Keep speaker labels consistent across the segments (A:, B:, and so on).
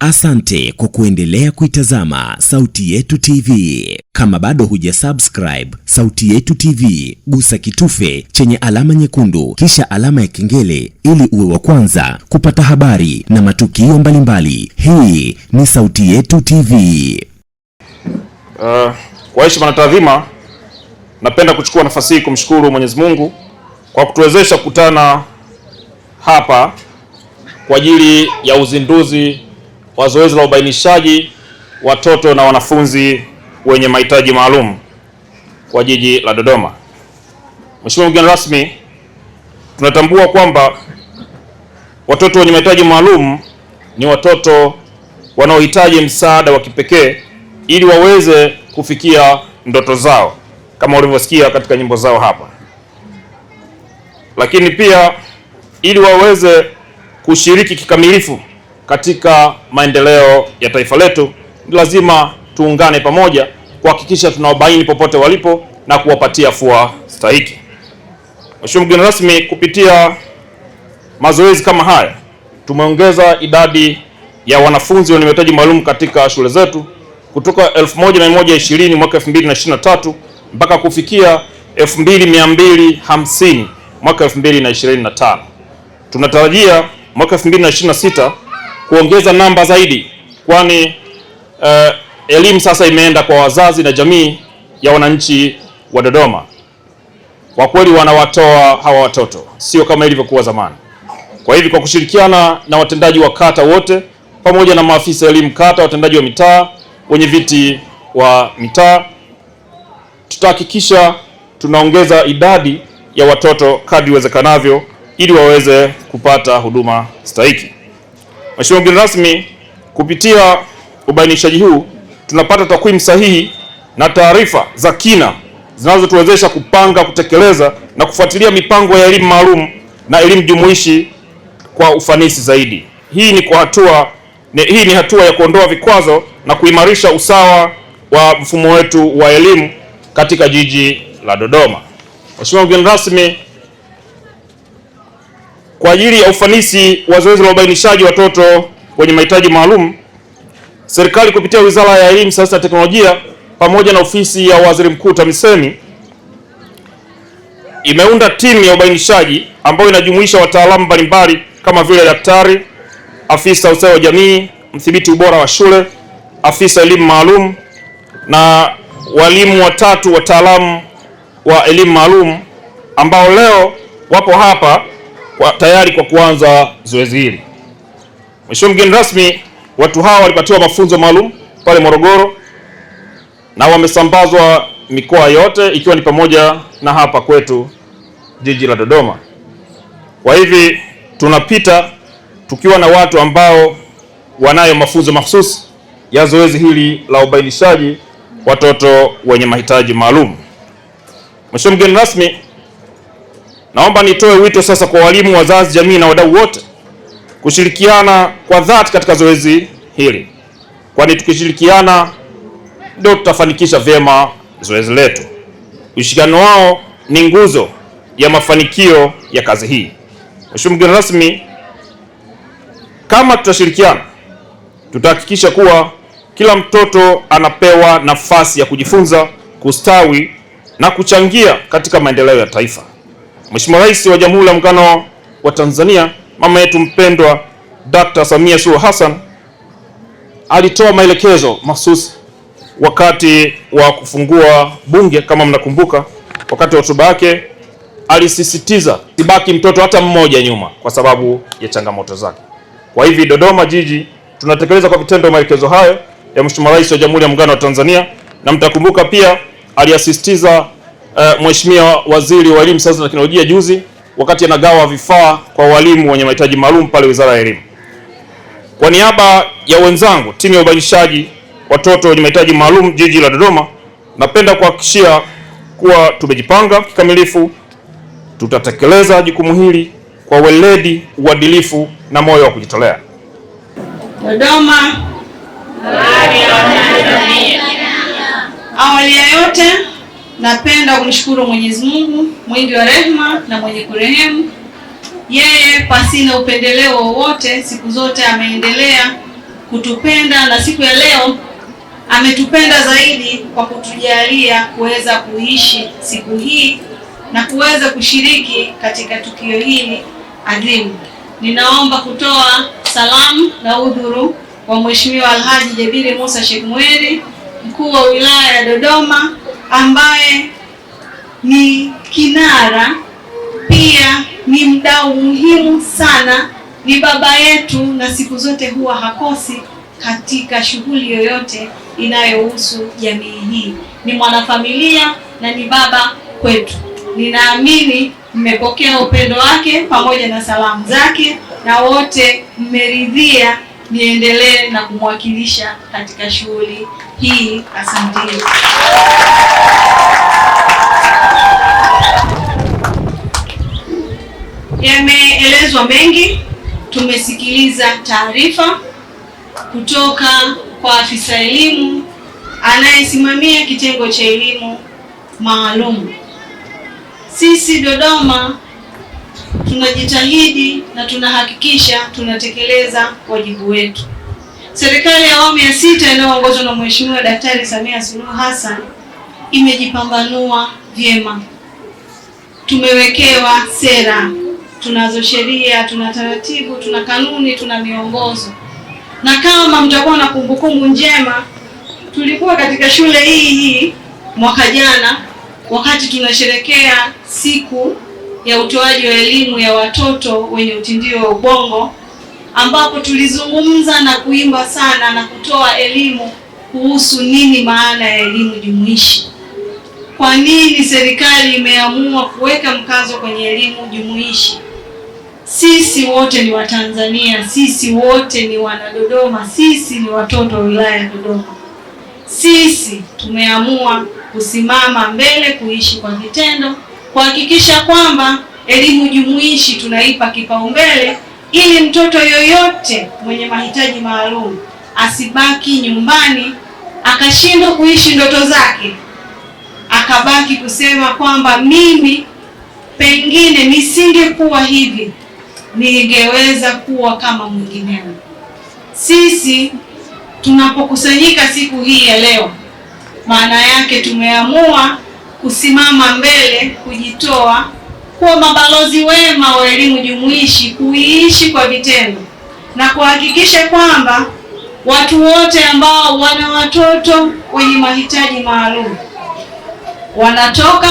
A: Asante kwa kuendelea kuitazama Sauti Yetu TV. Kama bado hujasubscribe Sauti Yetu TV, gusa kitufe chenye alama nyekundu kisha alama ya kengele ili uwe wa kwanza kupata habari na matukio mbalimbali. Hii ni Sauti Yetu TV.
B: Uh, kwa heshima na taadhima, napenda kuchukua nafasi hii kumshukuru Mwenyezi Mungu kwa kutuwezesha kukutana hapa kwa ajili ya uzinduzi wa zoezi la ubainishaji watoto na wanafunzi wenye mahitaji maalum kwa jiji la Dodoma. Mheshimiwa mgeni rasmi, tunatambua kwamba watoto wenye mahitaji maalum ni watoto wanaohitaji msaada wa kipekee ili waweze kufikia ndoto zao kama ulivyosikia katika nyimbo zao hapa, lakini pia ili waweze kushiriki kikamilifu katika maendeleo ya taifa letu, lazima tuungane pamoja kuhakikisha tunawabaini popote walipo na kuwapatia fua stahiki. Mheshimiwa mgeni rasmi, kupitia mazoezi kama haya tumeongeza idadi ya wanafunzi wenye mahitaji maalum katika shule zetu kutoka 1120 mwaka 2023 mpaka kufikia 2250 mwaka 2025. Tunatarajia mwaka 2026 kuongeza namba zaidi, kwani uh, elimu sasa imeenda kwa wazazi na jamii ya wananchi wa Dodoma. Kwa kweli wanawatoa hawa watoto, sio kama ilivyokuwa zamani. Kwa hivi, kwa kushirikiana na watendaji wa kata wote pamoja na maafisa elimu kata, watendaji wa mitaa, wenye viti wa mitaa, tutahakikisha tunaongeza idadi ya watoto kadri iwezekanavyo ili waweze kupata huduma stahiki. Mheshimiwa mgeni rasmi, kupitia ubainishaji huu tunapata takwimu sahihi na taarifa za kina zinazotuwezesha kupanga, kutekeleza na kufuatilia mipango ya elimu maalum na elimu jumuishi kwa ufanisi zaidi. Hii ni kwa hatua ne, hii ni hatua ya kuondoa vikwazo na kuimarisha usawa wa mfumo wetu wa elimu katika jiji la Dodoma. Mheshimiwa mgeni rasmi kwa ajili ya ufanisi wa zoezi la ubainishaji watoto wenye mahitaji maalum, serikali kupitia Wizara ya Elimu, Sayansi na Teknolojia pamoja na Ofisi ya Waziri Mkuu TAMISEMI imeunda timu ya ubainishaji ambayo inajumuisha wataalamu mbalimbali kama vile daktari, afisa ustawi wa jamii, mdhibiti ubora wa shule, afisa elimu maalum na walimu watatu wataalamu wa elimu maalum ambao leo wapo hapa kwa, tayari kwa kuanza zoezi hili. Mheshimiwa mgeni rasmi, watu hawa walipatiwa mafunzo maalum pale Morogoro na wamesambazwa mikoa yote ikiwa ni pamoja na hapa kwetu jiji la Dodoma. Kwa hivi tunapita tukiwa na watu ambao wanayo mafunzo mahususi ya zoezi hili la ubainishaji watoto wenye mahitaji maalum. Mheshimiwa mgeni rasmi Naomba nitoe wito sasa kwa walimu, wazazi, jamii na wadau wote kushirikiana kwa dhati katika zoezi hili, kwani tukishirikiana ndio tutafanikisha vyema zoezi letu. Ushirikiano wao ni nguzo ya mafanikio ya kazi hii. Mheshimiwa mgeni rasmi, kama tutashirikiana, tutahakikisha kuwa kila mtoto anapewa nafasi ya kujifunza, kustawi na kuchangia katika maendeleo ya taifa. Mheshimiwa Rais wa Jamhuri ya Muungano wa Tanzania, mama yetu mpendwa Dr. Samia Suluhu Hassan alitoa maelekezo mahsusi wakati wa kufungua bunge. Kama mnakumbuka, wakati wa hotuba yake alisisitiza sibaki mtoto hata mmoja nyuma kwa sababu ya changamoto zake. Kwa hivi Dodoma Jiji tunatekeleza kwa vitendo maelekezo hayo ya Mheshimiwa Rais wa Jamhuri ya Muungano wa Tanzania, na mtakumbuka pia aliasisitiza uh, Mheshimiwa Waziri wa Elimu, Sayansi na Teknolojia juzi wakati anagawa vifaa kwa walimu wenye mahitaji maalum pale Wizara ya Elimu. Kwa niaba ya wenzangu timu ya ubadilishaji watoto wenye mahitaji maalum jiji la Dodoma, napenda kuhakikishia kuwa tumejipanga kikamilifu, tutatekeleza jukumu hili kwa weledi, uadilifu na moyo wa kujitolea.
C: Dodoma. Awali ya yote Napenda kumshukuru Mwenyezi Mungu mwingi wa rehema na mwenye kurehemu. Yeye pasina upendeleo wowote, siku zote ameendelea kutupenda na siku ya leo ametupenda zaidi kwa kutujalia kuweza kuishi siku hii na kuweza kushiriki katika tukio hili adhimu. Ninaomba kutoa salamu na udhuru wa Mheshimiwa Alhaji Jabiri Musa Sheikh Mweri, mkuu wa wilaya ya Dodoma ambaye ni kinara pia ni mdau muhimu sana, ni baba yetu, na siku zote huwa hakosi katika shughuli yoyote inayohusu jamii hii. Ni mwanafamilia na ni baba kwetu. Ninaamini mmepokea upendo wake pamoja na salamu zake, na wote mmeridhia niendelee na kumwakilisha katika shughuli hii. Asanteni. Yameelezwa mengi, tumesikiliza taarifa kutoka kwa afisa elimu anayesimamia kitengo cha elimu maalum. Sisi Dodoma tunajitahidi na tunahakikisha tunatekeleza wajibu wetu. Serikali ya awamu ya sita inayoongozwa na Mheshimiwa Daktari Samia Suluhu Hassan imejipambanua vyema. Tumewekewa sera, tunazo sheria, tuna taratibu, tuna kanuni, tuna miongozo, na kama mtakuwa na kumbukumbu njema, tulikuwa katika shule hii hii mwaka jana wakati tunasherekea siku ya utoaji wa elimu ya watoto wenye utindio wa ubongo, ambapo tulizungumza na kuimba sana na kutoa elimu kuhusu nini maana ya elimu jumuishi. Kwa nini serikali imeamua kuweka mkazo kwenye elimu jumuishi? Sisi wote ni Watanzania, sisi wote ni Wanadodoma, sisi ni watoto wa wilaya ya Dodoma. Sisi tumeamua kusimama mbele, kuishi kwa vitendo kuhakikisha kwamba elimu jumuishi tunaipa kipaumbele ili mtoto yoyote mwenye mahitaji maalum asibaki nyumbani akashindwa kuishi ndoto zake, akabaki kusema kwamba mimi pengine nisingekuwa hivi, ningeweza kuwa kama mwingineo. Sisi tunapokusanyika siku hii ya leo, maana yake tumeamua kusimama mbele, kujitoa, kuwa mabalozi wema wa elimu jumuishi, kuiishi kwa vitendo na kuhakikisha kwamba watu wote ambao wana watoto wenye mahitaji maalum wanatoka,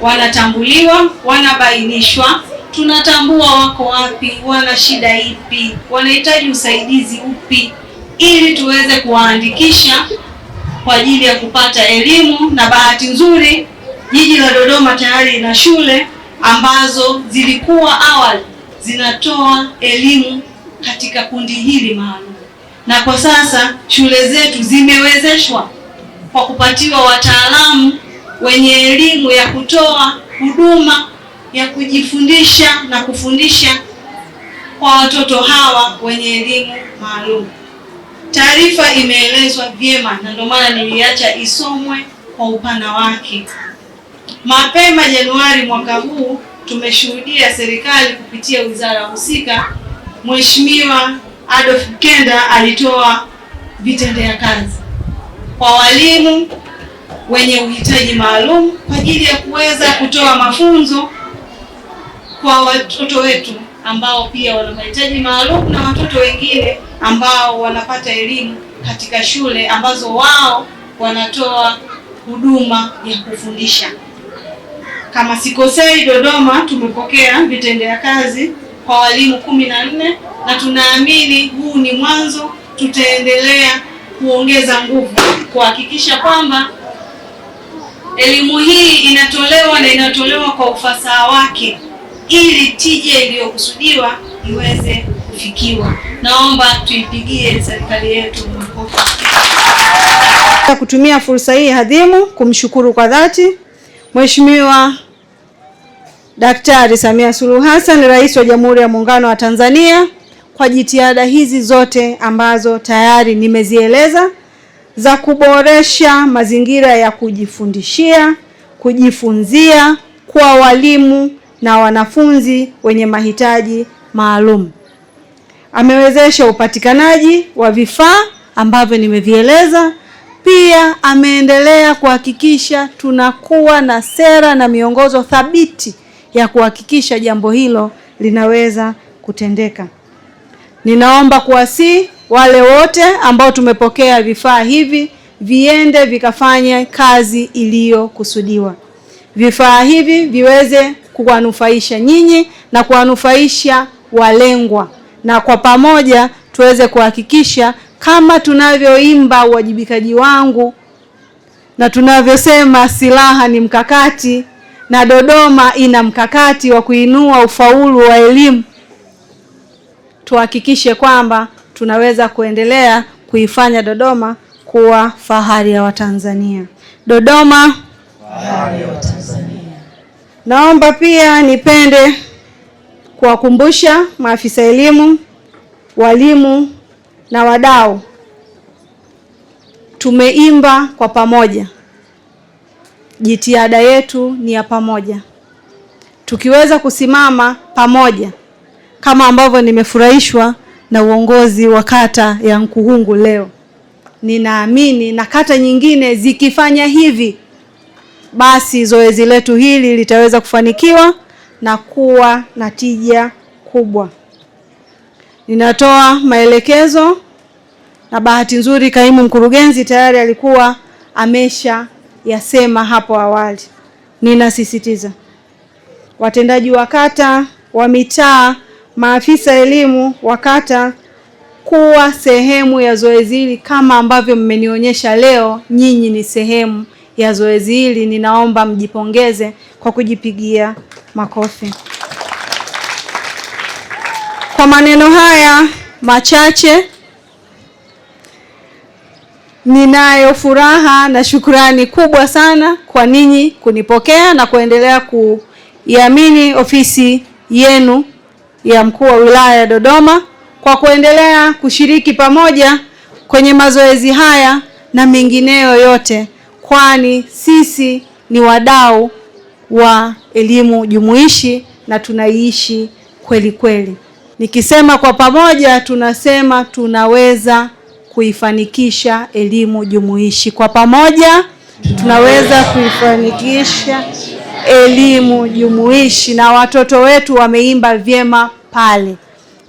C: wanatambuliwa, wanabainishwa, tunatambua wako wapi, wana shida ipi, wanahitaji usaidizi upi, ili tuweze kuwaandikisha kwa ajili ya kupata elimu na bahati nzuri Jiji la Dodoma tayari lina shule ambazo zilikuwa awali zinatoa elimu katika kundi hili maalum, na kwa sasa shule zetu zimewezeshwa kwa kupatiwa wataalamu wenye elimu ya kutoa huduma ya kujifundisha na kufundisha kwa watoto hawa wenye elimu maalum. Taarifa imeelezwa vyema na ndio maana niliacha isomwe kwa upana wake. Mapema Januari mwaka huu tumeshuhudia serikali kupitia wizara husika, Mheshimiwa Adolf kenda alitoa vitendea kazi kwa walimu wenye uhitaji maalum kwa ajili ya kuweza kutoa mafunzo kwa watoto wetu ambao pia wana mahitaji maalum na watoto wengine ambao wanapata elimu katika shule ambazo wao wanatoa huduma ya kufundisha. Kama sikosei, Dodoma tumepokea vitendea kazi kwa walimu kumi na nne na tunaamini huu ni mwanzo. Tutaendelea kuongeza nguvu kuhakikisha kwamba elimu hii inatolewa na inatolewa kwa ufasaha wake ili tija iliyokusudiwa iweze kufikiwa. Naomba tuipigie serikali yetu makofi.
D: Kutumia fursa hii adhimu kumshukuru kwa dhati Mheshimiwa Daktari Samia Suluhu Hassan, Rais wa Jamhuri ya Muungano wa Tanzania, kwa jitihada hizi zote ambazo tayari nimezieleza za kuboresha mazingira ya kujifundishia, kujifunzia kwa walimu na wanafunzi wenye mahitaji maalum. Amewezesha upatikanaji wa vifaa ambavyo nimevieleza. Pia ameendelea kuhakikisha tunakuwa na sera na miongozo thabiti ya kuhakikisha jambo hilo linaweza kutendeka. Ninaomba kuwasihi wale wote ambao tumepokea vifaa hivi viende vikafanye kazi iliyokusudiwa. Vifaa hivi viweze kuwanufaisha nyinyi na kuwanufaisha walengwa, na kwa pamoja tuweze kuhakikisha kama tunavyoimba uwajibikaji wangu na tunavyosema silaha ni mkakati na Dodoma ina mkakati wa kuinua ufaulu wa elimu, tuhakikishe kwamba tunaweza kuendelea kuifanya Dodoma kuwa fahari ya Watanzania. Dodoma
E: fahari ya Watanzania.
D: Naomba pia nipende kuwakumbusha maafisa elimu, walimu na wadau, tumeimba kwa pamoja jitihada yetu ni ya pamoja. Tukiweza kusimama pamoja, kama ambavyo nimefurahishwa na uongozi wa kata ya Nkuhungu leo, ninaamini na kata nyingine zikifanya hivi, basi zoezi letu hili litaweza kufanikiwa na kuwa na tija kubwa. Ninatoa maelekezo na bahati nzuri, kaimu mkurugenzi tayari alikuwa amesha yasema hapo awali. Ninasisitiza watendaji wa kata, wa mitaa, maafisa elimu wa kata kuwa sehemu ya zoezi hili kama ambavyo mmenionyesha leo, nyinyi ni sehemu ya zoezi hili. Ninaomba mjipongeze kwa kujipigia makofi. Kwa maneno haya machache Ninayo furaha na shukrani kubwa sana kwa ninyi kunipokea na kuendelea kuiamini ofisi yenu ya mkuu wa wilaya ya Dodoma kwa kuendelea kushiriki pamoja kwenye mazoezi haya na mengineyo yote, kwani sisi ni wadau wa elimu jumuishi na tunaiishi kweli kweli. Nikisema kwa pamoja, tunasema tunaweza kuifanikisha elimu jumuishi. Kwa pamoja tunaweza kuifanikisha elimu jumuishi, na watoto wetu wameimba vyema pale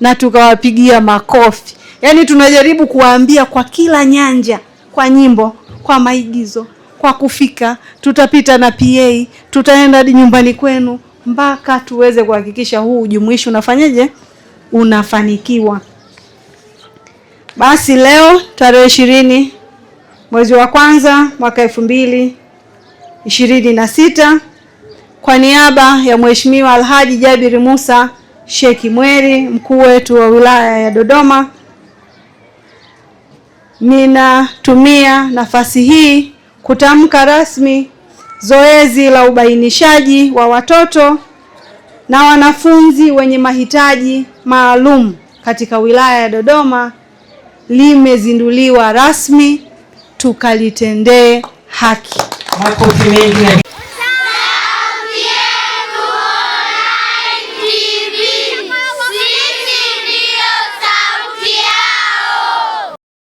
D: na tukawapigia makofi. Yaani tunajaribu kuwaambia kwa kila nyanja, kwa nyimbo, kwa maigizo, kwa kufika, tutapita na PA, tutaenda hadi nyumbani kwenu mpaka tuweze kuhakikisha huu jumuishi unafanyaje unafanikiwa. Basi leo tarehe ishirini mwezi wa kwanza mwaka elfu mbili ishirini na sita kwa niaba ya Mheshimiwa Alhaji Jabiri Musa Sheki Mweri, mkuu wetu wa wilaya ya Dodoma, ninatumia nafasi hii kutamka rasmi zoezi la ubainishaji wa watoto na wanafunzi wenye mahitaji maalum katika wilaya ya Dodoma limezinduliwa rasmi, tukalitendee haki. Makofi mengi.